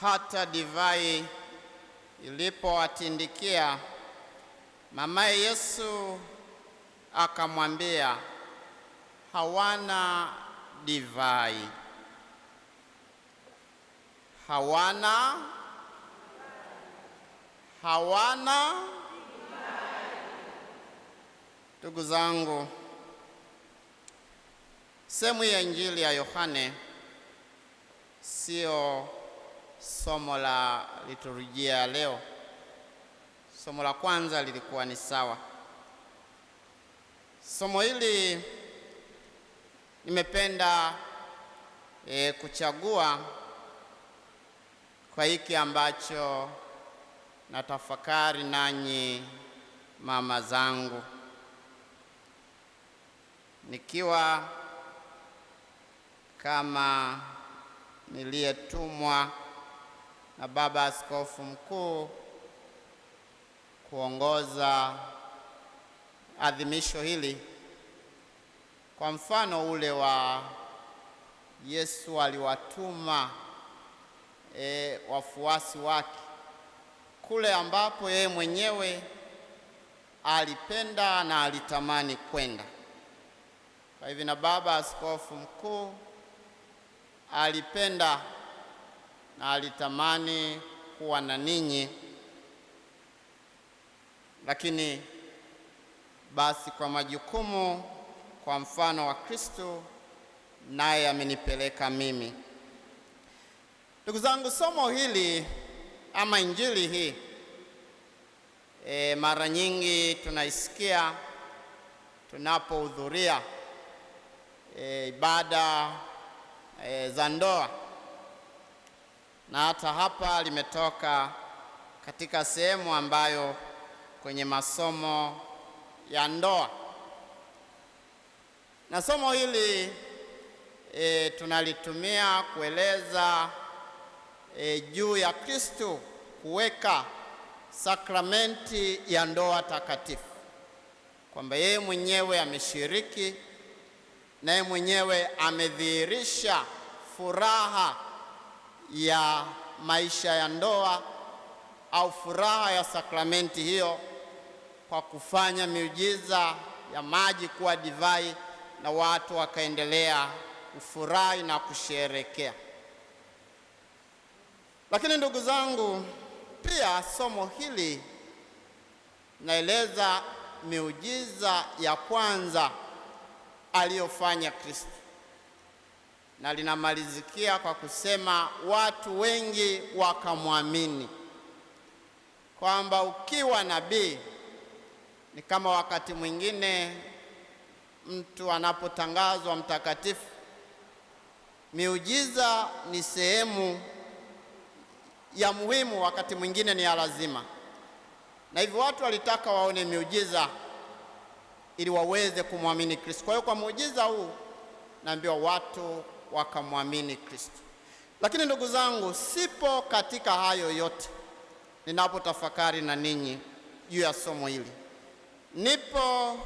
hata divai ilipowatindikia, mamaye Yesu akamwambia, hawana divai. Hawana hawana divai. Ndugu zangu, sehemu ya Injili ya Yohane sio somo la liturujia ya leo. Somo la kwanza lilikuwa ni sawa. Somo hili nimependa e, kuchagua kwa hiki ambacho natafakari nanyi mama zangu, nikiwa kama niliyetumwa na Baba Askofu Mkuu kuongoza adhimisho hili kwa mfano ule wa Yesu aliwatuma e, wafuasi wake kule ambapo yeye mwenyewe alipenda na alitamani kwenda. Kwa hivyo na Baba Askofu Mkuu alipenda na alitamani kuwa na ninyi, lakini basi kwa majukumu, kwa mfano wa Kristo, naye amenipeleka mimi. Ndugu zangu, somo hili ama injili hii e, mara nyingi tunaisikia tunapohudhuria e, ibada e, za ndoa na hata hapa limetoka katika sehemu ambayo kwenye masomo ya ndoa na somo hili e, tunalitumia kueleza e, juu ya Kristo kuweka sakramenti ya ndoa takatifu, kwamba yeye mwenyewe ameshiriki, na yeye mwenyewe amedhihirisha furaha ya maisha ya ndoa au furaha ya sakramenti hiyo kwa kufanya miujiza ya maji kuwa divai na watu wakaendelea kufurahi na kusherekea. Lakini ndugu zangu, pia somo hili naeleza miujiza ya kwanza aliyofanya Kristo na linamalizikia kwa kusema watu wengi wakamwamini, kwamba ukiwa nabii ni kama wakati mwingine mtu anapotangazwa mtakatifu, miujiza ni sehemu ya muhimu, wakati mwingine ni ya lazima, na hivyo watu walitaka waone miujiza ili waweze kumwamini Kristo. Kwa hiyo kwa muujiza huu naambiwa watu wakamwamini Kristo. Lakini ndugu zangu, sipo katika hayo yote ninapotafakari na ninyi juu ya somo hili, nipo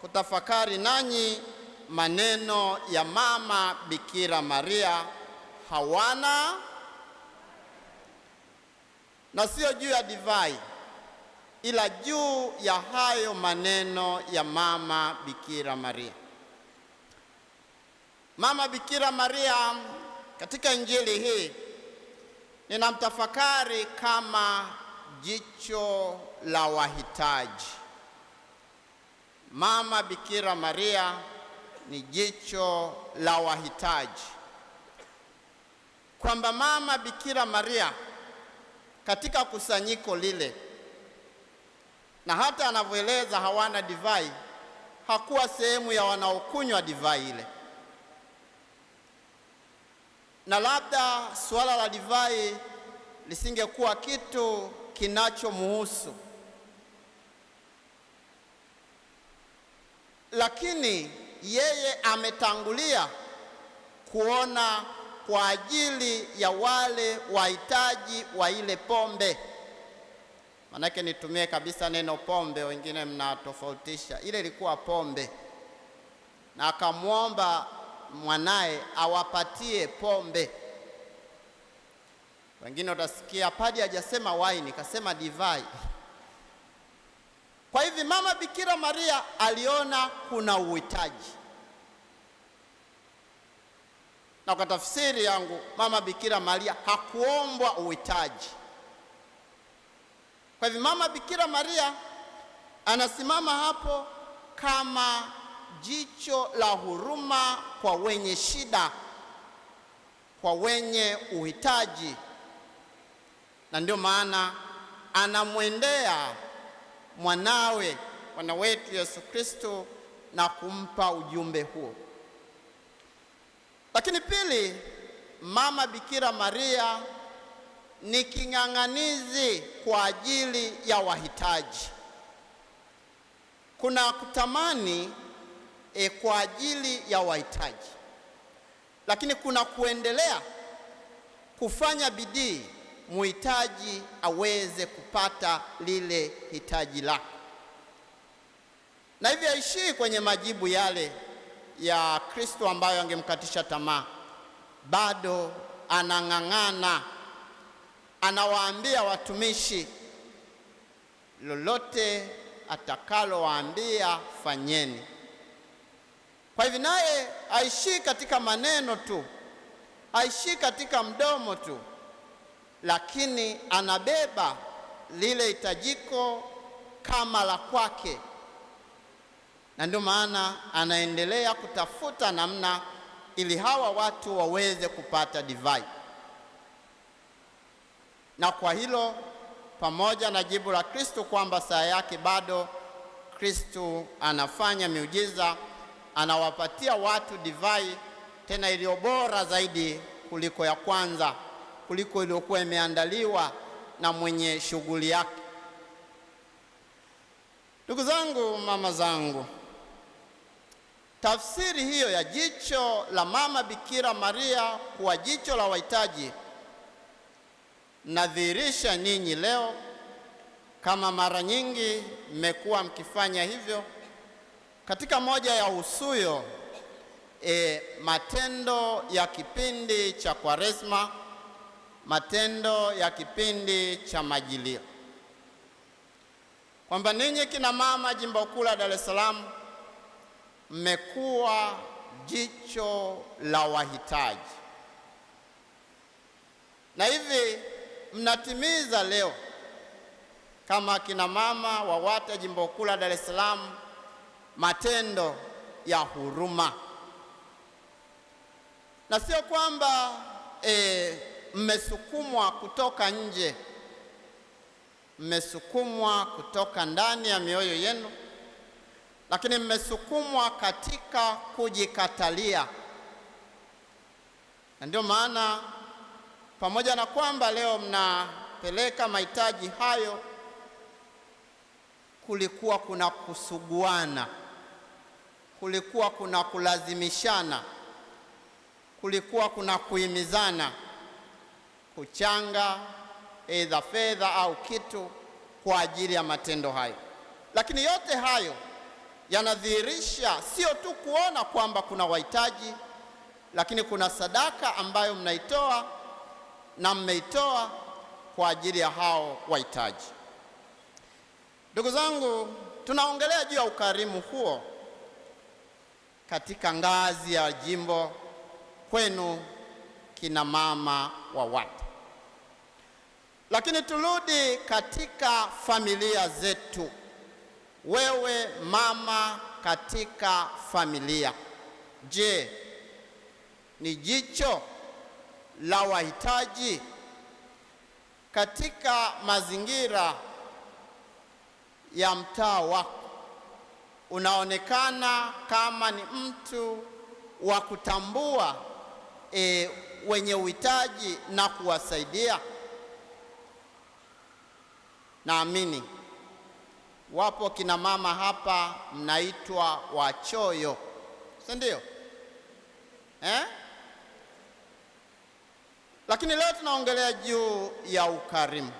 kutafakari nanyi maneno ya mama Bikira Maria, hawana na sio juu ya divai, ila juu ya hayo maneno ya mama Bikira Maria. Mama Bikira Maria katika injili hii ninamtafakari kama jicho la wahitaji. Mama Bikira Maria ni jicho la wahitaji, kwamba Mama Bikira Maria katika kusanyiko lile, na hata anavyoeleza hawana divai, hakuwa sehemu ya wanaokunywa divai ile na labda suala la divai lisingekuwa kitu kinachomuhusu, lakini yeye ametangulia kuona kwa ajili ya wale wahitaji wa ile pombe. Manake nitumie kabisa neno pombe, wengine mnatofautisha. Ile ilikuwa pombe, na akamwomba mwanaye awapatie pombe. Wengine utasikia padi hajasema waini, kasema divai. Kwa hivi mama Bikira Maria aliona kuna uhitaji, na kwa tafsiri yangu mama Bikira Maria hakuombwa uhitaji. Kwa hivi mama Bikira Maria anasimama hapo kama jicho la huruma kwa wenye shida, kwa wenye uhitaji, na ndio maana anamwendea mwanawe Bwana wetu Yesu Kristo na kumpa ujumbe huo. Lakini pili, mama Bikira Maria ni king'ang'anizi kwa ajili ya wahitaji. Kuna kutamani e, kwa ajili ya wahitaji, lakini kuna kuendelea kufanya bidii muhitaji aweze kupata lile hitaji lako, na hivyo aishii kwenye majibu yale ya Kristo ambayo angemkatisha tamaa. Bado anang'ang'ana, anawaambia watumishi, lolote atakalowaambia fanyeni. Kwa hivyo naye haishii katika maneno tu, haishii katika mdomo tu, lakini anabeba lile hitajiko kama la kwake, na ndio maana anaendelea kutafuta namna ili hawa watu waweze kupata divai. Na kwa hilo pamoja na jibu la Kristo kwamba saa yake bado, Kristo anafanya miujiza anawapatia watu divai tena iliyo bora zaidi kuliko ya kwanza, kuliko iliyokuwa imeandaliwa na mwenye shughuli yake. Ndugu zangu, mama zangu, tafsiri hiyo ya jicho la mama Bikira Maria kuwa jicho la wahitaji nadhihirisha ninyi leo, kama mara nyingi mmekuwa mkifanya hivyo katika moja ya usuyo e, matendo ya kipindi cha Kwaresma, matendo ya kipindi cha Majilio, kwamba ninyi kina mama jimbo kuu la Dar es Salaam mmekuwa jicho la wahitaji, na hivi mnatimiza leo kama kina mama wa WATA jimbo kuu la Dar es Salaam matendo ya huruma, na sio kwamba e, mmesukumwa kutoka nje, mmesukumwa kutoka ndani ya mioyo yenu, lakini mmesukumwa katika kujikatalia. Na ndio maana pamoja na kwamba leo mnapeleka mahitaji hayo, kulikuwa kuna kusuguana kulikuwa kuna kulazimishana, kulikuwa kuna kuhimizana kuchanga aidha fedha au kitu kwa ajili ya matendo hayo. Lakini yote hayo yanadhihirisha sio tu kuona kwamba kuna wahitaji, lakini kuna sadaka ambayo mnaitoa na mmeitoa kwa ajili ya hao wahitaji. Ndugu zangu, tunaongelea juu ya ukarimu huo katika ngazi ya jimbo kwenu kina mama wa watu. Lakini turudi katika familia zetu. Wewe mama katika familia, je, ni jicho la wahitaji katika mazingira ya mtaa wako? unaonekana kama ni mtu wa kutambua e, wenye uhitaji na kuwasaidia. Naamini wapo kina mama hapa mnaitwa wachoyo, si ndio eh? Lakini leo tunaongelea juu ya ukarimu,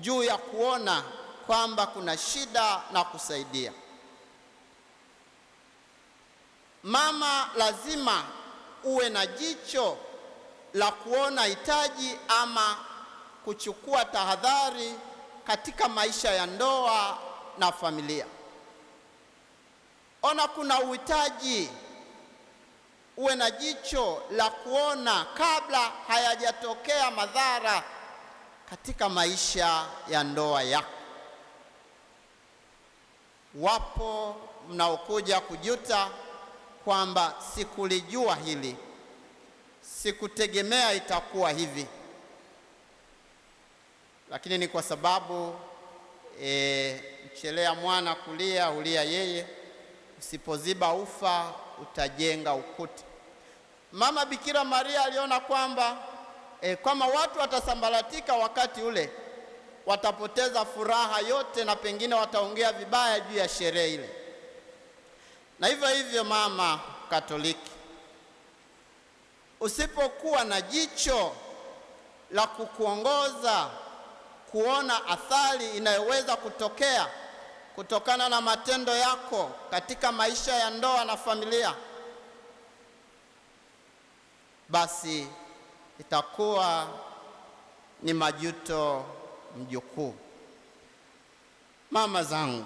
juu ya kuona kwamba kuna shida na kusaidia. Mama, lazima uwe na jicho la kuona hitaji ama kuchukua tahadhari katika maisha ya ndoa na familia. Ona kuna uhitaji, uwe na jicho la kuona kabla hayajatokea madhara katika maisha ya ndoa yako. Wapo mnaokuja kujuta kwamba sikulijua hili, sikutegemea itakuwa hivi, lakini ni kwa sababu e, mchelea mwana kulia hulia yeye, usipoziba ufa utajenga ukuta. Mama Bikira Maria aliona kwamba e, kama watu watasambaratika wakati ule watapoteza furaha yote na pengine wataongea vibaya juu ya sherehe ile. Na hivyo hivyo, mama Katoliki, usipokuwa na jicho la kukuongoza kuona athari inayoweza kutokea kutokana na matendo yako katika maisha ya ndoa na familia, basi itakuwa ni majuto mjukuu. Mama zangu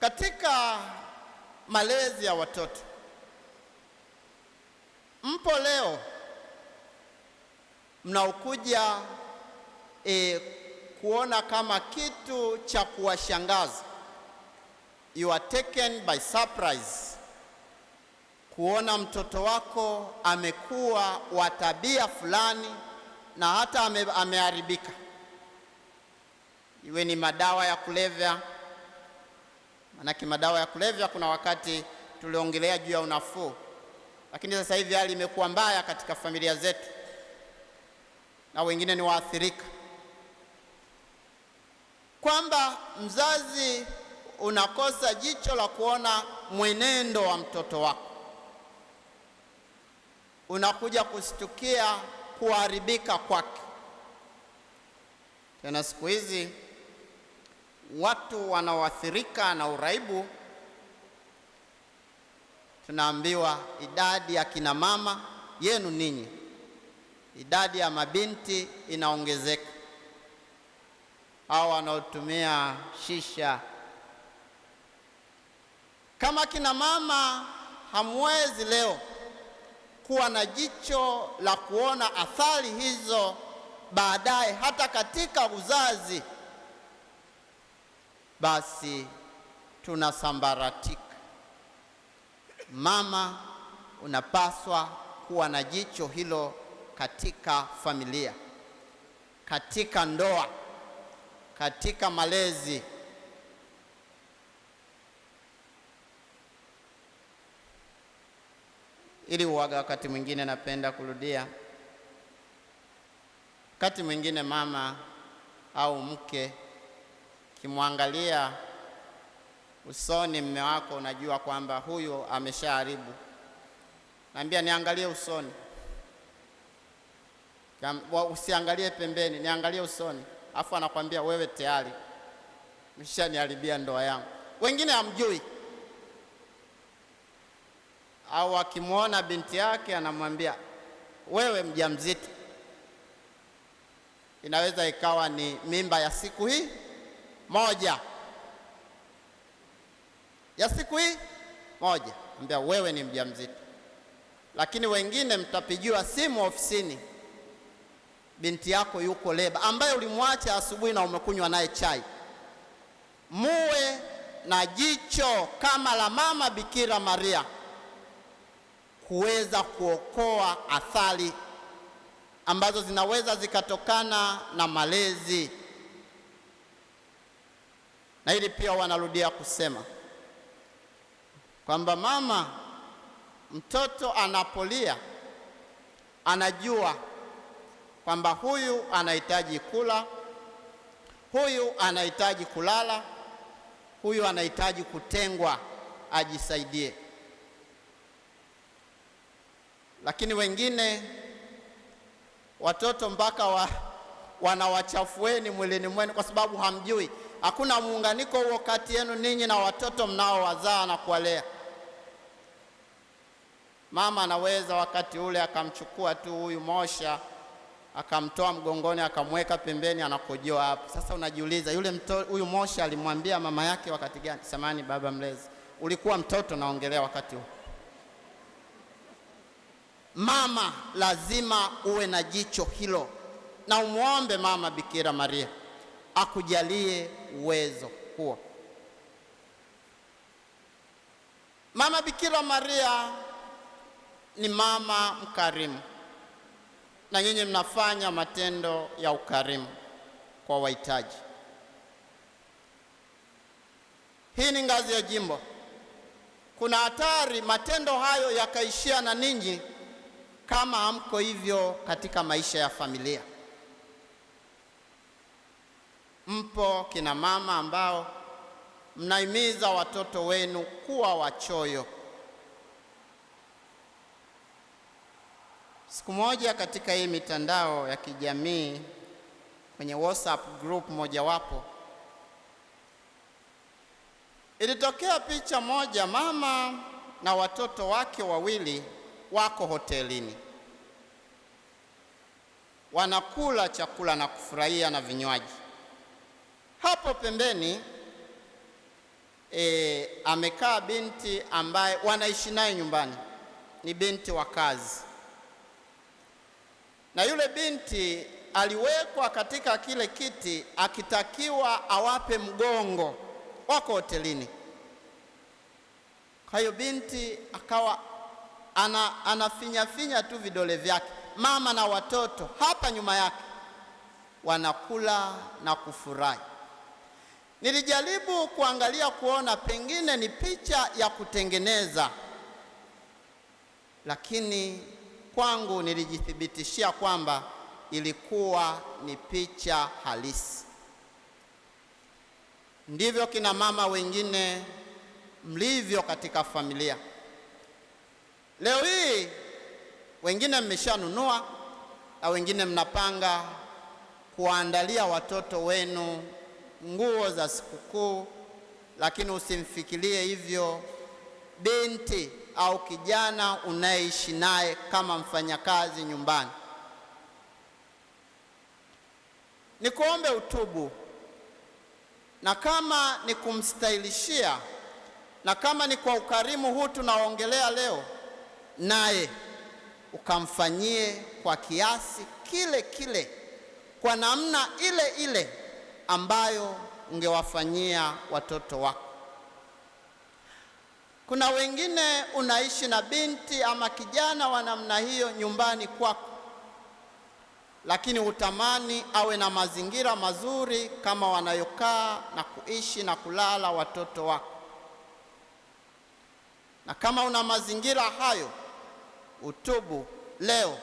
katika malezi ya watoto, mpo leo mnaokuja e, kuona kama kitu cha kuwashangaza, you are taken by surprise, kuona mtoto wako amekuwa wa tabia fulani na hata ame, ameharibika, iwe ni madawa ya kulevya Manake madawa ya kulevya kuna wakati tuliongelea juu ya unafuu, lakini sasa hivi hali imekuwa mbaya katika familia zetu na wengine ni waathirika, kwamba mzazi unakosa jicho la kuona mwenendo wa mtoto wako, unakuja kustukia kuharibika kwake. Tena siku hizi watu wanaoathirika na uraibu, tunaambiwa idadi ya kina mama yenu ninyi, idadi ya mabinti inaongezeka, au wanaotumia shisha. Kama kina mama hamwezi leo kuwa na jicho la kuona athari hizo baadaye, hata katika uzazi basi tunasambaratika. Mama, unapaswa kuwa na jicho hilo katika familia, katika ndoa, katika malezi. Ili uwaga, wakati mwingine napenda kurudia, wakati mwingine mama au mke kimwangalia usoni mme wako unajua kwamba huyu ameshaharibu. Naambia niangalie usoni, usiangalie pembeni, niangalie usoni, afu anakwambia wewe tayari mshaniharibia ndoa yangu. Wengine hamjui, au akimwona binti yake anamwambia wewe mjamzito. Inaweza ikawa ni mimba ya siku hii moja ya siku hii moja, ambia wewe ni mjamzito. Lakini wengine mtapigiwa simu ofisini, binti yako yuko leba, ambaye ulimwacha asubuhi na umekunywa naye chai. Muwe na jicho kama la mama Bikira Maria kuweza kuokoa athari ambazo zinaweza zikatokana na malezi na hili pia wanarudia kusema kwamba mama, mtoto anapolia anajua kwamba huyu anahitaji kula, huyu anahitaji kulala, huyu anahitaji kutengwa ajisaidie. Lakini wengine watoto mpaka wa, wanawachafueni mwilini mwenu, kwa sababu hamjui hakuna muunganiko huo kati yenu ninyi na watoto mnaowazaa na kuwalea. Mama anaweza wakati ule akamchukua tu huyu Mosha akamtoa mgongoni akamweka pembeni anakojoa hapo. Sasa unajiuliza yule mto, huyu Mosha alimwambia mama yake wakati gani? Samani baba mlezi, ulikuwa mtoto naongelea wakati huo. Mama lazima uwe na jicho hilo, na umwombe mama Bikira Maria akujalie uwezo huo. Mama Bikira Maria ni mama mkarimu, na nyinyi mnafanya matendo ya ukarimu kwa wahitaji. Hii ni ngazi ya jimbo. Kuna hatari matendo hayo yakaishia na ninyi kama hamko hivyo katika maisha ya familia. Mpo kina mama ambao mnahimiza watoto wenu kuwa wachoyo. Siku moja katika hii mitandao ya kijamii kwenye WhatsApp group mojawapo ilitokea picha moja, mama na watoto wake wawili wako hotelini wanakula chakula na kufurahia na vinywaji. Hapo pembeni e, amekaa binti ambaye wanaishi naye nyumbani, ni binti wa kazi, na yule binti aliwekwa katika kile kiti akitakiwa awape mgongo, wako hotelini. Kwa hiyo binti akawa ana, anafinyafinya tu vidole vyake, mama na watoto hapa nyuma yake wanakula na kufurahi. Nilijaribu kuangalia kuona pengine ni picha ya kutengeneza, lakini kwangu nilijithibitishia kwamba ilikuwa ni picha halisi. Ndivyo kina mama wengine mlivyo katika familia. Leo hii wengine mmeshanunua na wengine mnapanga kuandalia watoto wenu nguo za sikukuu, lakini usimfikirie hivyo binti au kijana unayeishi naye kama mfanyakazi nyumbani. Nikuombe utubu, na kama ni kumstahilishia, na kama ni kwa ukarimu huu tunaongelea leo, naye ukamfanyie kwa kiasi kile kile, kwa namna ile ile ambayo ungewafanyia watoto wako. Kuna wengine unaishi na binti ama kijana wa namna hiyo nyumbani kwako, lakini utamani awe na mazingira mazuri kama wanayokaa na kuishi na kulala watoto wako, na kama una mazingira hayo, utubu leo,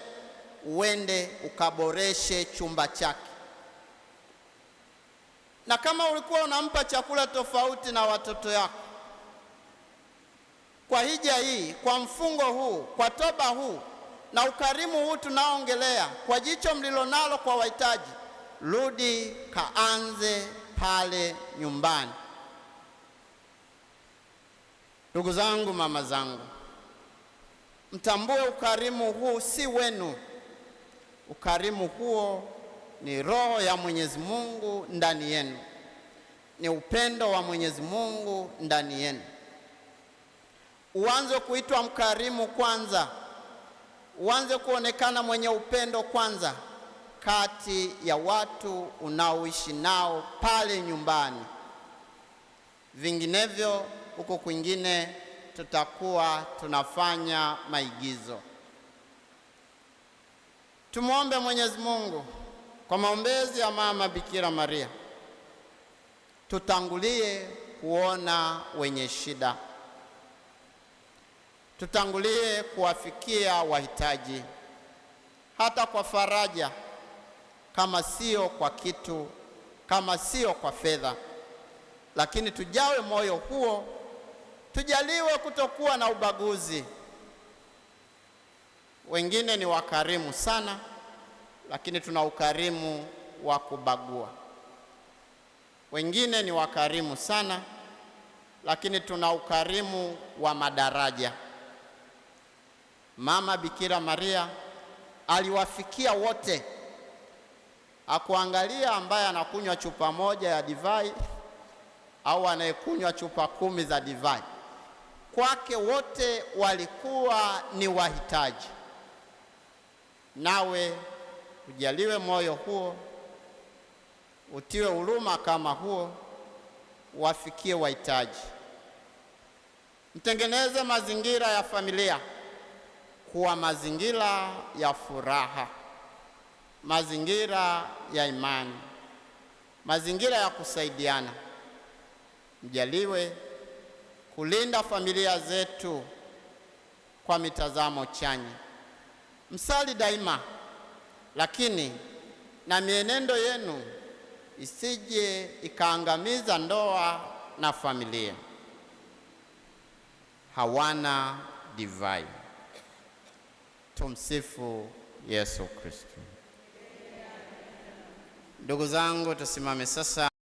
uende ukaboreshe chumba chake na kama ulikuwa unampa chakula tofauti na watoto yako, kwa hija hii, kwa mfungo huu, kwa toba huu na ukarimu huu tunaoongelea, kwa jicho mlilonalo kwa wahitaji, rudi kaanze pale nyumbani. Ndugu zangu, mama zangu, mtambue ukarimu huu si wenu, ukarimu huo ni roho ya Mwenyezi Mungu ndani yenu, ni upendo wa Mwenyezi Mungu ndani yenu. Uanze kuitwa mkarimu kwanza, uanze kuonekana mwenye upendo kwanza kati ya watu unaoishi nao pale nyumbani. Vinginevyo huko kwingine tutakuwa tunafanya maigizo. Tumwombe Mwenyezi Mungu kwa maombezi ya mama Bikira Maria tutangulie kuona wenye shida, tutangulie kuwafikia wahitaji, hata kwa faraja, kama sio kwa kitu, kama sio kwa fedha, lakini tujawe moyo huo, tujaliwe kutokuwa na ubaguzi. Wengine ni wakarimu sana lakini tuna ukarimu wa kubagua. Wengine ni wakarimu sana, lakini tuna ukarimu wa madaraja. Mama Bikira Maria aliwafikia wote, hakuangalia ambaye anakunywa chupa moja ya divai au anayekunywa chupa kumi za divai. Kwake wote walikuwa ni wahitaji. Nawe Ujaliwe moyo huo, utiwe huruma kama huo, wafikie wahitaji. Mtengeneze mazingira ya familia kuwa mazingira ya furaha, mazingira ya imani, mazingira ya kusaidiana. Mjaliwe kulinda familia zetu kwa mitazamo chanya. Msali daima lakini na mienendo yenu isije ikaangamiza ndoa na familia. Hawana divai. Tumsifu Yesu Kristo. Ndugu zangu, tusimame sasa.